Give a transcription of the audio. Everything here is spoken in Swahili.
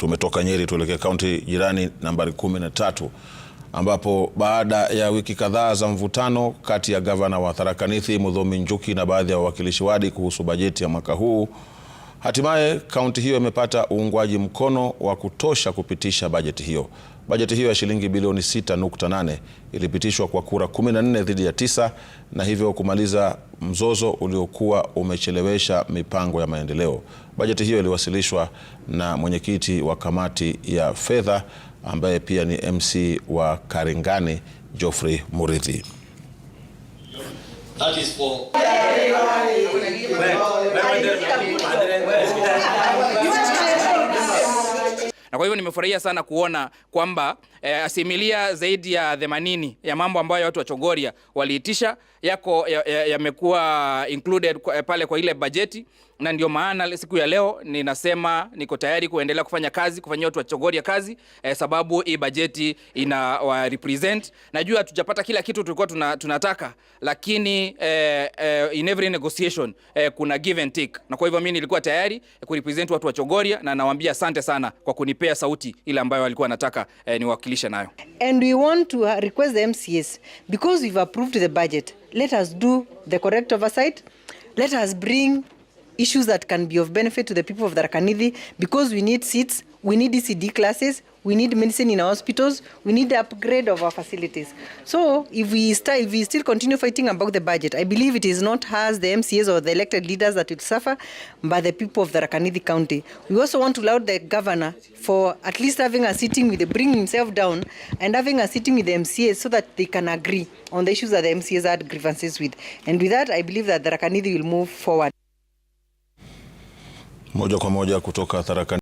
tumetoka Nyeri tuelekee kaunti jirani nambari kumi na tatu ambapo baada ya wiki kadhaa za mvutano kati ya gavana wa Tharaka Nithi Mudhomi Njuki na baadhi ya wawakilishi wadi kuhusu bajeti ya mwaka huu, hatimaye kaunti hiyo imepata uungwaji mkono wa kutosha kupitisha bajeti hiyo. Bajeti hiyo ya shilingi bilioni 6.8 ilipitishwa kwa kura 14 dhidi ya tisa na hivyo kumaliza mzozo uliokuwa umechelewesha mipango ya maendeleo. Bajeti hiyo iliwasilishwa na mwenyekiti wa kamati ya fedha ambaye pia ni MC wa Karingani, Geoffrey Muridhi. That is for... na kwa hivyo nimefurahia sana kuona kwamba e, asimilia zaidi ya themanini ya mambo ambayo watu wa Chogoria waliitisha yako yamekuwa ya, ya included eh, pale kwa ile bajeti, na ndio maana siku ya leo ninasema niko tayari kuendelea kufanya kazi, kufanyia watu wa Chogoria kazi e, sababu hii bajeti ina wa represent. Najua hatujapata kila kitu tulikuwa tuna, tunataka lakini e, e, in every negotiation e, kuna give and take, na kwa hivyo mimi nilikuwa tayari kurepresent watu wa Chogoria na nawaambia asante sana kwa kunipa kuipea sauti ile ambayo walikuwa anataka eh, niwakilishe nayo. And we want to uh, request the MCAs because we've approved the budget. Let us do the correct oversight. Let us bring issues that can be of benefit to the people of Tharaka Nithi because we need seats, we need ECD classes, we need medicine in our hospitals we need the upgrade of our facilities so if we start if we still continue fighting about the budget i believe it is not us the mcas or the elected leaders that will suffer but the people of the Rakanidi county we also want to laud the governor for at least having a sitting with the, bring himself down and having a sitting with the mcas so that they can agree on the issues that the mcas had grievances with and with that i believe that the Rakanidi will move forward moja kwa moja kutoka Tharaka